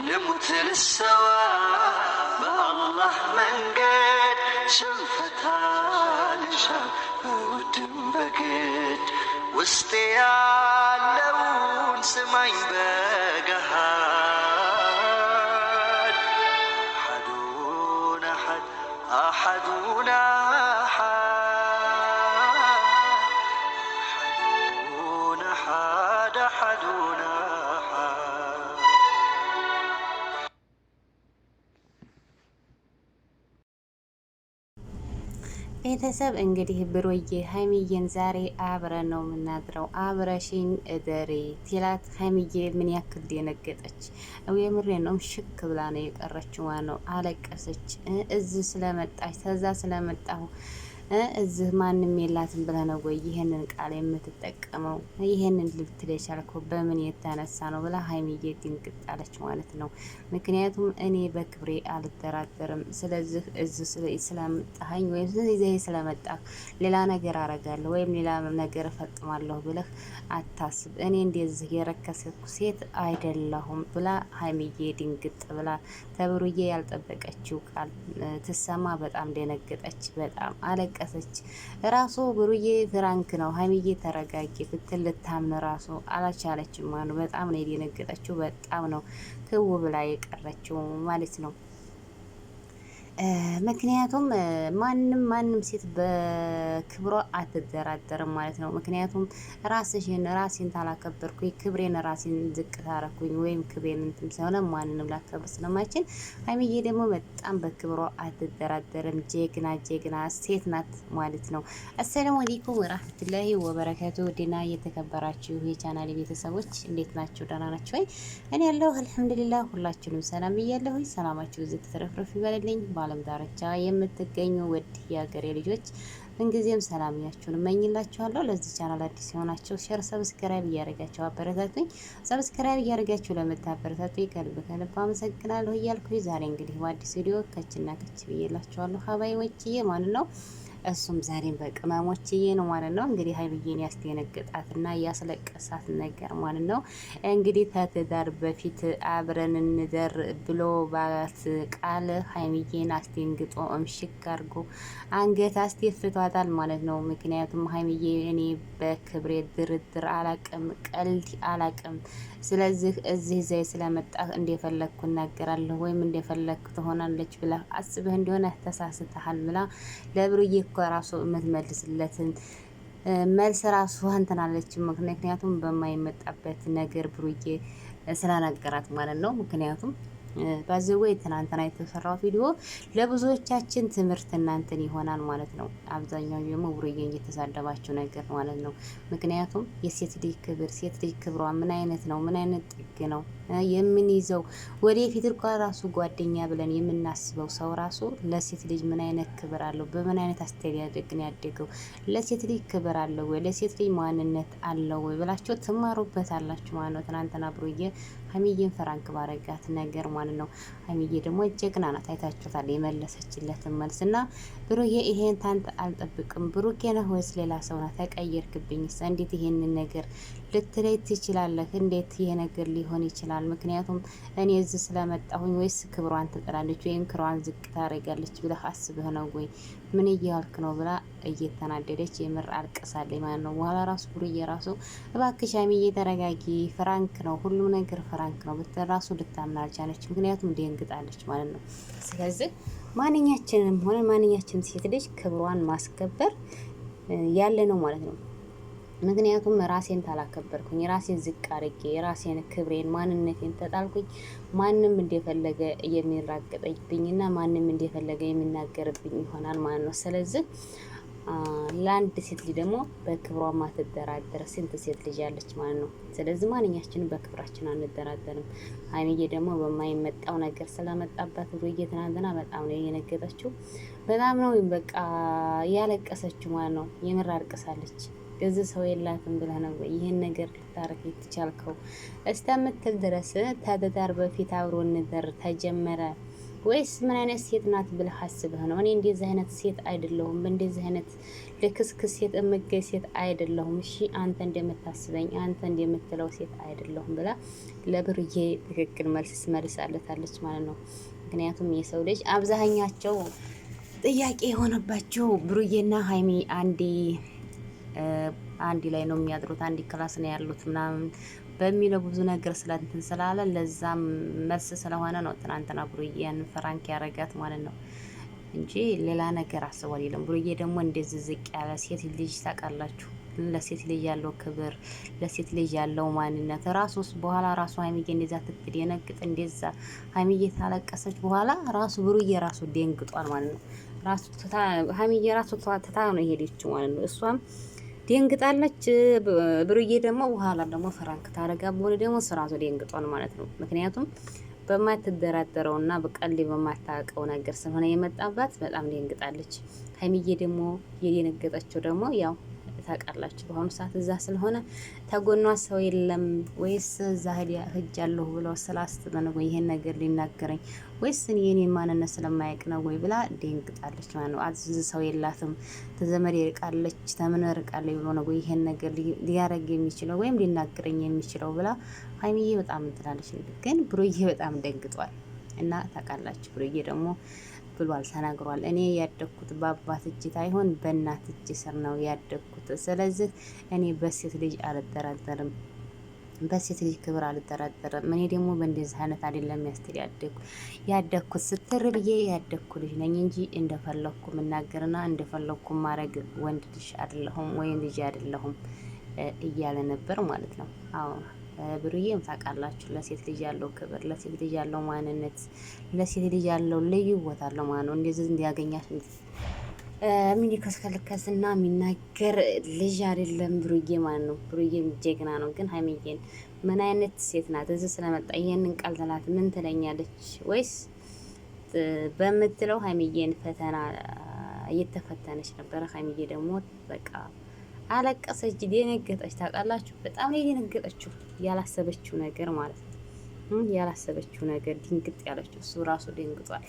لمت للسواب الله من قد شفتها لشاف ودم بقيت وسطي لون سما يبان ቤተሰብ እንግዲህ ብሩዬ ሀይሚዬን ዛሬ አብረን ነው የምናድረው፣ አብረሽኝ እደሬ ቲላት ሀይሚዬ ምን ያክል ደነገጠች። የምሬ ነው ሽክ ብላ ነው የቀረችዋ ነው አለቀሰች። እዚህ ስለመጣች ተዛ ስለመጣሁ እዚህ ማንም የላትም ብለህ ነው ወይ ይህንን ቃል የምትጠቀመው? ይህንን ልትል የቻልከው በምን የተነሳ ነው ብላ ሀይሚዬ ድንግጥ አለች ማለት ነው። ምክንያቱም እኔ በክብሬ አልደራደርም። ስለዚህ እዚህ ስለመጣኸኝ ወይም ስለዚህ ስለመጣ ሌላ ነገር አረጋለሁ ወይም ሌላ ነገር እፈጥማለሁ ብለህ አታስብ። እኔ እንደዚህ የረከሰኩ ሴት አይደለሁም ብላ ሀይሚዬ ድንግጥ ብላ ተብሩዬ ያልጠበቀችው ቃል ትሰማ በጣም ደነገጠች። በጣም አለ አለቀሰች። ራሱ ብሩዬ ፍራንክ ነው ሀሚዬ ተረጋጊ ብትል ልታምን ራሱ አላቻለችም። በጣም ነው የደነገጠችው። በጣም ነው ክው ብላ የቀረችው ማለት ነው። ምክንያቱም ማንም ማንም ሴት በክብሯ አትደራደርም ማለት ነው። ምክንያቱም ራስሽን ራሴን ታላከበርኩኝ ክብሬን ራሴን ዝቅ ታረኩኝ ወይም ክብሬን እንትን ስለሆነ ማንንም ላከብር ስለማችን፣ ሀይሚዬ ደግሞ በጣም በክብሯ አትደራደርም። ጀግና ጀግና ሴት ናት ማለት ነው። አሰላሙ አለይኩም ወራህመቱላሂ ወበረከቱ። ዲና የተከበራችሁ የቻናል ቤተሰቦች እንዴት ናችሁ? ደህና ናችሁ ወይ? እኔ ያለሁ አልሐምዱሊላህ። ሁላችሁንም ሰላም እያለሁኝ ሰላማችሁ ዝግ ትረፍረፍ ይበልልኝ። ዓለም ዳርቻ የምትገኙ ውድ የሀገሬ ልጆች ምንጊዜም ሰላም ያችሁን እመኝላችኋለሁ። ለዚህ ቻናል አዲስ የሆናችሁ ሼር፣ ሰብስክራይብ እያደረጋችሁ አበረታቱኝ። ሰብስክራይብ እያደረጋችሁ ለምታበረታቱኝ ከልብ ከልብ አመሰግናለሁ እያልኩኝ ዛሬ እንግዲህ በአዲስ ቪዲዮ ከችና ከች ብዬላችኋለሁ። ሀባይ ወጭዬ ማን ነው እሱም ዛሬም በቅመሞችዬ ነው ማለት ነው። እንግዲህ ሀይሚዬን ያስደነግጣትና ያስለቀሳት ነገር ማለት ነው። እንግዲህ ከትዳር በፊት አብረን እንደር ብሎ ባት ቃል ሀይሚዬን አስደንግጦ እምሽክ አርጎ አንገት አስደፍቷታል ማለት ነው። ምክንያቱም ሀይሚዬ እኔ በክብሬ ድርድር አላቅም፣ ቀልድ አላቅም። ስለዚህ እዚህ ዘይ ስለመጣ እንደፈለግኩ እናገራለሁ ወይም እንደፈለግኩ ትሆናለች ብላ አስብህ እንደሆነ ተሳስተሃል ብላ ለብሩዬ እኮ ራሱ የምትመልስለትን መልስ ራሱ እንትን ምክንያቱም በማይመጣበት ነገር ብሩዬ ስላናገራት ማለት ነው። ምክንያቱም ባዘወ ትናንትና የተሰራው ቪዲዮ ለብዙዎቻችን ትምህርት እናንትን ይሆናል ማለት ነው። አብዛኛው ደግሞ ብሩዬን እየተሳደባቸው ነገር ማለት ነው። ምክንያቱም የሴት ልጅ ክብር ሴት ልጅ ክብሯ ምን አይነት ነው? ምን አይነት ጥግ ነው? የምንይዘው ወደፊት እርቋ ራሱ ጓደኛ ብለን የምናስበው ሰው ራሱ ለሴት ልጅ ምን አይነት ክብር አለው? በምን አይነት አስተዳደግ ነው ያደገው? ለሴት ልጅ ክብር አለው ወይ? ለሴት ልጅ ማንነት አለው ወይ ብላችሁ ትማሩበት አላችሁ ማለት ነው። ትናንትና ብሩዬ ሀሚዬን ፈራንክ ባረጋት ነገር ማለት ነው። ሀሚዬ ደግሞ ጀግና ናት፣ አይታችሁታል የመለሰችለትን መልስ እና ብሩዬ ይሄን ታንተ አልጠብቅም ብሩኬ ነህ ወይስ ሌላ ሰው ነህ? ተቀየርክብኝ። እንዴት ይሄንን ነገር ልትለይ ትችላለህ። እንዴት ይሄ ነገር ሊሆን ይችላል? ምክንያቱም እኔ እዚህ ስለመጣሁኝ ወይስ ክብሯን ትጥላለች ወይም ክብሯን ዝቅ ታደርጋለች ብለህ አስብህ ነው ወይ ምን እያልክ ነው ብላ እየተናደደች የምር አልቅሳለች ማለት ነው። በኋላ ራሱ ብሩዬ ራሱ እባክሽ ሀይሚዬ ተረጋጊ፣ ፍራንክ ነው ሁሉም ነገር ፍራንክ ነው ብትል ራሱ ልታምን አልቻለች። ምክንያቱም ደንግጣለች ማለት ነው። ስለዚህ ማንኛችንም ሆነ ማንኛችንም ሴት ልጅ ክብሯን ማስከበር ያለ ነው ማለት ነው። ምክንያቱም ራሴን ታላከበርኩኝ ራሴን ዝቅ አርጌ የራሴን ክብሬን ማንነቴን ተጣልኩኝ፣ ማንም እንደፈለገ የሚራገጠብኝና ማንም እንደፈለገ የሚናገርብኝ ይሆናል ማለት ነው። ስለዚህ ለአንድ ሴት ልጅ ደግሞ በክብሯ ማትደራደር ስንት ሴት ልጅ ያለች ማለት ነው። ስለዚህ ማንኛችንም በክብራችን አንደራደርም። ሀይሚዬ ደግሞ በማይመጣው ነገር ስለመጣባት ብሎ እየትናንትና በጣም ነው የነገጠችው። በጣም ነው በቃ ያለቀሰችው ማለት ነው። የምር አልቅሳለች። ብዙ ሰው የላትም ብለህ ነው ይህን ነገር ልታረግ የተቻልከው? እስከምትል ድረስ ተትዳር በፊት አብሮ እንደር ተጀመረ ወይስ ምን አይነት ሴት ናት ብለህ አስበህ ነው? እኔ እንደዚህ አይነት ሴት አይደለሁም፣ እንደዚህ አይነት ልክስክስ ሴት እምገ ሴት አይደለሁም። እሺ አንተ እንደምታስበኝ አንተ እንደምትለው ሴት አይደለሁም ብላ ለብርዬ ትክክል መልስ መልሳለታለች ማለት ነው። ምክንያቱም የሰው ልጅ አብዛኛቸው ጥያቄ የሆነባቸው ብሩዬና ሀይሚ አንዴ አንድ ላይ ነው የሚያድሩት፣ አንድ ክላስ ነው ያሉት ምናምን በሚለው ብዙ ነገር ስለንትን ስላለ ለዛም መልስ ስለሆነ ነው ትናንትና ብሩዬን ፍራንክ ያረጋት ማለት ነው እንጂ ሌላ ነገር አስቦ የለም። ብሩዬ ደግሞ እንደዚህ ዝቅ ያለ ሴት ልጅ ታውቃላችሁ፣ ለሴት ልጅ ያለው ክብር፣ ለሴት ልጅ ያለው ማንነት ውስጥ በኋላ ራሱ ሀይሚዬ እንደዛ ትትል የነግጥ እንደዛ ሀይሚዬ ታለቀሰች በኋላ ራሱ ብሩዬ ራሱ ደንግጧል ማለት ነው። ሀይሚዬ ራሱ ትታ ነው የሄደችው ማለት ነው እሷም ደንግጣለች። ብሩዬ ደግሞ በኋላ ደግሞ ፈራንክ ታረጋ በሆነ ደግሞ ስራቱ ደንግጧል ማለት ነው። ምክንያቱም በማትደራደረውና በቀል በማታውቀው ነገር ስለሆነ የመጣባት በጣም ደንግጣለች። ሀይሚዬ ደግሞ የደነገጠችው ደግሞ ያው ታውቃላችሁ። በአሁኑ ሰዓት እዛ ስለሆነ ተጎኗ ሰው የለም ወይስ እዛ ሄጃለሁ ብሎ ስላስብ ነው ወይ ይሄን ነገር ሊናገረኝ ወይስ የኔ ማንነት ስለማያውቅ ነው ወይ ብላ ደንግጣለች ማለት ነው። አዝ ሰው የላትም ተዘመድ ይርቃለች ተምን ርቃለች ብሎ ነው ወይ ይሄን ነገር ሊያረግ የሚችለው ወይም ሊናገረኝ የሚችለው ብላ ሀይሚዬ በጣም እንትላለች። ግን ብሩዬ በጣም ደንግጧል እና ታውቃላችሁ ብሩዬ ደግሞ ብሏል ተናግሯል። እኔ ያደግኩት በአባት እጅ አይሆን በእናት እጅ ስር ነው ያደግኩት። ስለዚህ እኔ በሴት ልጅ አልደራደርም በሴት ልጅ ክብር አልጠራጠርም። እኔ ደግሞ በእንደዚህ አይነት አይደለም ያስትል ያደግኩ ያደኩት ስትር ብዬ ያደኩ ልጅ ነኝ እንጂ እንደፈለኩ ምናገርና እንደፈለኩ ማድረግ ወንድ ልጅ አይደለሁም ወይም ልጅ አይደለሁም እያለ ነበር ማለት ነው። አዎ ብሩዬም ታውቃላችሁ ለሴት ልጅ ያለው ክብር፣ ለሴት ልጅ ያለው ማንነት፣ ለሴት ልጅ ያለው ልዩ ቦታ አለው ማለት ነው። እንደዚህ እንዲያገኛት የሚንከስከልከስ እና የሚናገር ልጅ አይደለም ብሩዬ ማለት ነው። ብሩዬም ጀግና ነው። ግን ሀይሚዬን ምን አይነት ሴት ናት? እዚህ ስለመጣ ይህንን ቃል ትላት ምን ትለኛለች ወይስ በምትለው ሀይሚዬን ፈተና እየተፈተነች ነበረ። ሀይሚዬ ደግሞ በቃ አለቀሰች፣ ደነገጠች። ታውቃላችሁ በጣም ነው የደነገጠችው፣ ያላሰበችው ነገር ማለት ነው። ያላሰበችው ነገር ድንግጥ ያለችው፣ እሱ ራሱ ደንግጧል።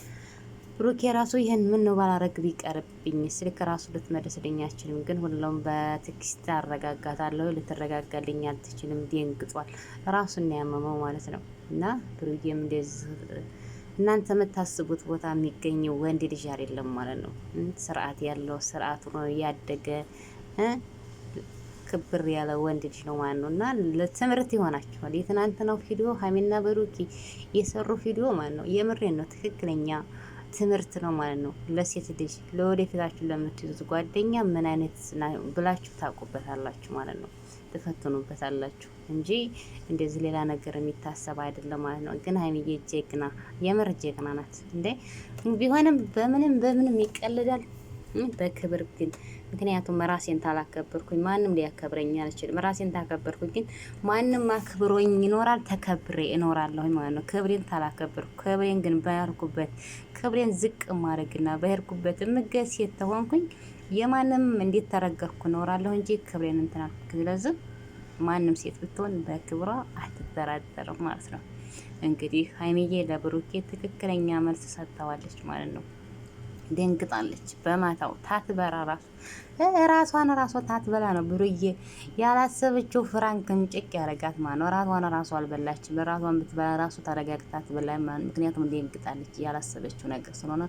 ብሩኬ ራሱ ይህን ምን ነው ባላረግ ቢቀርብኝ ስልክ ራሱ ልትመልስልኝ አችልም፣ ግን ሁሉም በትክስት አረጋጋታለሁ። ልትረጋጋልኝ አልትችልም፣ ደንግጧል። ራሱን ያመመው ማለት ነው። እና ብሩዬም እንደዚህ እናንተ የምታስቡት ቦታ የሚገኘው ወንድ ልጅ አይደለም ማለት ነው። ስርዓት ያለው ስርዓቱ ነው ያደገ ክብር ያለ ወንድ ልጅ ነው ማለት ነው። እና ለትምህርት ይሆናቸዋል። የትናንትናው ቪዲዮ ሀሚና በሩኪ የሰሩ ቪዲዮ ማለት ነው። የምሬን ነው። ትክክለኛ ትምህርት ነው ማለት ነው። ለሴት ልጅ ለወደፊታችሁ ለምትይዙት ጓደኛ ምን አይነት ብላችሁ ታውቁበታላችሁ ማለት ነው። ትፈትኑበታላችሁ እንጂ እንደዚህ ሌላ ነገር የሚታሰብ አይደለም ማለት ነው። ግን ሀይሚዬ ጀግና፣ የምር ጀግና ናት እንዴ! ቢሆንም በምንም በምንም ይቀልዳል፣ በክብር ግን ምክንያቱም ራሴን ታላከበርኩኝ ማንም ሊያከብረኝ አልችልም። ራሴን ታከበርኩኝ ግን ማንም አክብሮኝ ይኖራል፣ ተከብሬ እኖራለሁ ማለት ነው። ክብሬን ታላከበርኩ ክብሬን ግን ባያልኩበት ክብሬን ዝቅ ማድረግና በሄድኩበት የምገሴት ተሆንኩኝ የማንም እንዴት ተረገርኩ እኖራለሁ እንጂ ክብሬን እንትን ስለዚህ ማንም ሴት ብትሆን በክብሯ አትጠራጠርም ማለት ነው። እንግዲህ ሀይሚዬ ለብሩኬ ትክክለኛ መልስ ሰጥተዋለች ማለት ነው። ደንግጣለች። በማታው ታትበራ ራሱ ራሷን ራሷ ታትበላ ነው ብሩዬ ያላሰበችው ፍራንክን ጭቅ ያረጋት ማለት ነው። ራሷን ራሷ አልበላችም። ራሷን ብትበላ ራሱ ታረጋግታ ትበላ ማለት ነው። ምክንያቱም ደንግጣለች ያላሰበችው ነገር ስለሆነ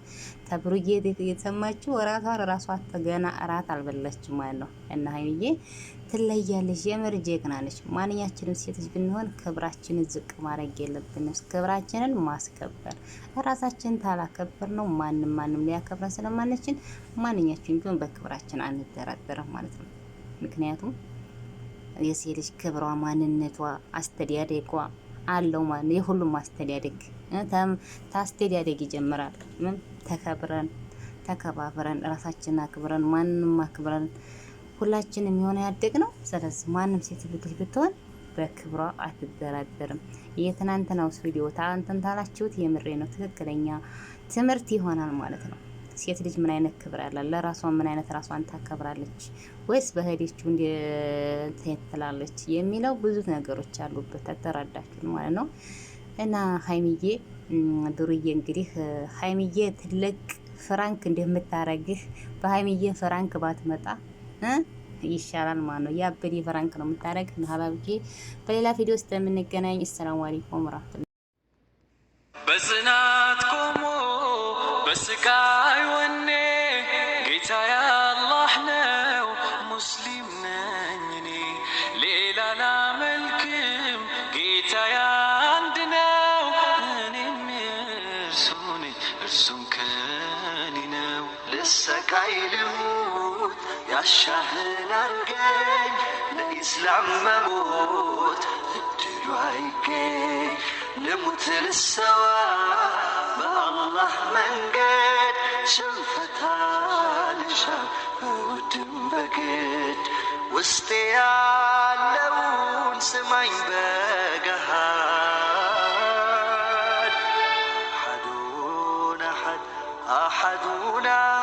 ተብሩዬ የተሰማችው ራሷን ራሷ ተገና እራት አልበላችም ማለት ነው። እና ሀይሚዬ ትለያለች። የምር ጀግና ነች። ማንኛችንም ሴቶች ብንሆን ክብራችንን ዝቅ ማድረግ የለብንም። ክብራችንን ማስከበር ራሳችን ታላከበር ነው ማንም ማንም ሊያ አከብረን ስለማንችል ማንኛችን ቢሆን በክብራችን አንደራደርም ማለት ነው። ምክንያቱም የሴት ልጅ ክብሯ፣ ማንነቷ፣ አስተዳደጓ አለው ማለት የሁሉም አስተዳደግ ታስተዳደግ ይጀምራል። ተከብረን ተከባብረን ራሳችንን አክብረን ማንንም አክብረን ሁላችንም የሆነ ያደግ ነው። ስለዚህ ማንም ሴት ልጅ ብትሆን በክብሯ አትደራደርም። የትናንትናው ቪዲዮ ታንተን ታላችሁት የምሬ ነው። ትክክለኛ ትምህርት ይሆናል ማለት ነው። ሴት ልጅ ምን አይነት ክብር አለ? ለራሷ ምን አይነት ራሷን ታከብራለች? ወይስ በህዴችው እንዴት የሚለው ብዙ ነገሮች አሉበት። ተተረዳችሁን ማለት ነው። እና ሀይሚዬ ዱርዬ እንግዲህ ሀይሚዬ ትልቅ ፍራንክ እንደምታረግህ በሀይሚዬ ፍራንክ ባትመጣ ይሻላል ማለት ነው። የአበዴ ፍራንክ ነው የምታረግ ሀባብጌ። በሌላ ቪዲዮ ስለምንገናኝ የምንገናኝ። አሰላሙ አለይኩም ራቱላ الهوت يا الشهل الجاي لإسلام مموت قتلوا عيكي نموت للسوا ما الله من جد شنفتا لشام ودم بقيت وسطي اللون سمعي بقهاد أحدون أحد أحدون أحد